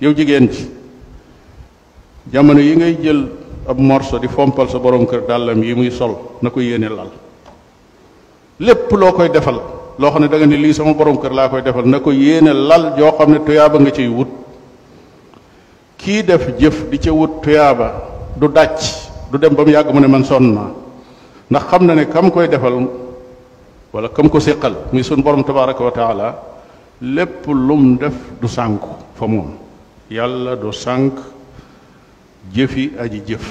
yow jigéen ji jamono yi ngay jël ab morso di fompal sa borom kër dàllam yi muy sol na ko yéene lal lépp loo koy defal loo xam ne da ne lii sama borom kër laa koy defal na ko yéene lal joo xam ne tuyaaba nga ciy wut kii def jëf di ca wut tuyaaba du dàcc du dem ba mu yàgg mu ne man sonn ndax xam na ne kam koy defal wala kam ko séqal muy sun borom tabaraka wa taala lépp lum def du sànku fa moom Yalla dosang sànk jëfi aji jëf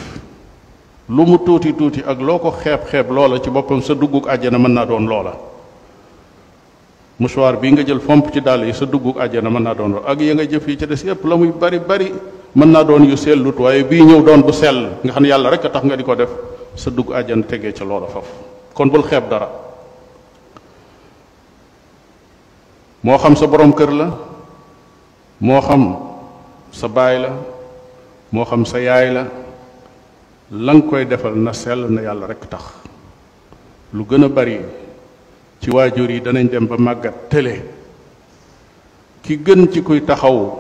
lu mu tuuti tuuti ak loo ko xeeb-xeeb loola ci boppam sa duggug àjjana mën naa doon loola musuwaar bii nga jël fomp ci dàll yi sa àjjana mën naa doon loola ak ya nga jëf yi ca des yépp la muy bari bari mën naa doon yu sellut waaye bii ñëw doon bu sell nga xam ne yàlla rek a tax nga di ko def sa dugg àjjana tegee ca loola faf kon bul xeeb dara moo xam sa borom kër la moo xam sa baay la moo xam sa yaay la la koy defal na sell na yàlla rekk tax lu gën a bari ci waajur yi danañ dem ba màggat télé ki gën ci kuy taxawu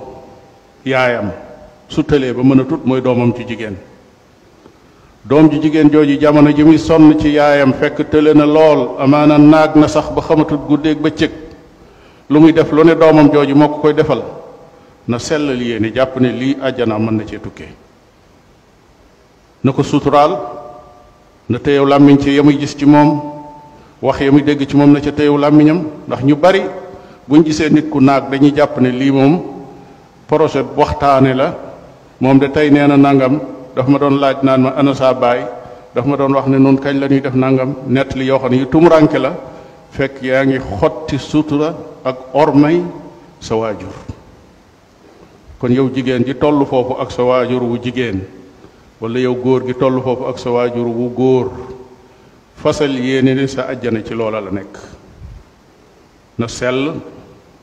yaayam su tëlee ba mën mooy doomam ci jigéen doom ji jigéen jooju jamono ji muy sonn ci yaayam fekk tële na lool amaana naag na sax ba xamatut ba cëg lu muy def lu ne doomam jooju moo ko koy defal na sellal yéene jàpp ne lii àjjana mën na cee tukke na ko suturaal na téyew làmmiñ ci yamuy gis ci moom wax yamuy dégg ci moom na ca téyew làmmiñam ndax ñu bari buñ gisee nit ku naag dañuy jàpp ne lii moom projet waxtaane la moom de tey nee na nangam dafa ma doon laaj naan ma ana saa baay dafa ma doon wax ne noonu kañ la ñuy def nangam nett li yoo xam ne yu tumuranke la fekk yaa ngi xotti sutura ak ormay sa waajur kon yow jigéen ji tollu foofu ak sa waajur wu jigéen walla yow góor gi toll foofu ak sa waajur wu góor fasal yéene ni sa àjjana ci loola la nekk na sell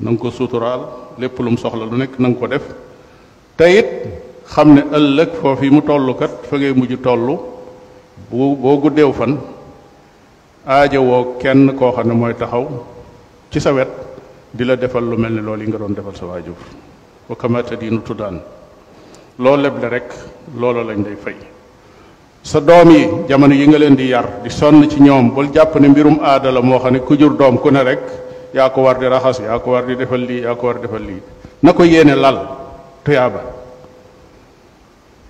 na ko suturaal lépp lu soxla lu nekk na nga ko def te it xam ne ëllëg foofu yi mu toll kat fa ngay mujj toll bu boo guddeew fan aajowoo kenn koo xam ne mooy taxaw ci sa wet di la defal lu mel ni lool yi nga doon defal sa waajur wa kama tadinu tuddaan loo leble rek looloo lañ day fay sa doom yi jamono yi nga leen di yar di sonn ci ñoom bul jàpp mbirum aadala moo xam ne ku jur doom ku ne rek yaa ko war di raxas yaa ko war di defal lii yaa ko war di defal lii na ko yéene lal tuyaaba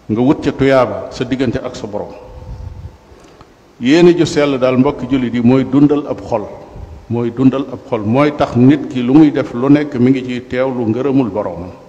nga wut ca tuyaaba sa diggante ak sa borom yéene ju sell daal mbokki jullit yi mooy dundal ab xol mooy dundal ab xol mooy tax nit ki lu muy def lu nekk mi ngi ciy teewlu ngërëmul boroomam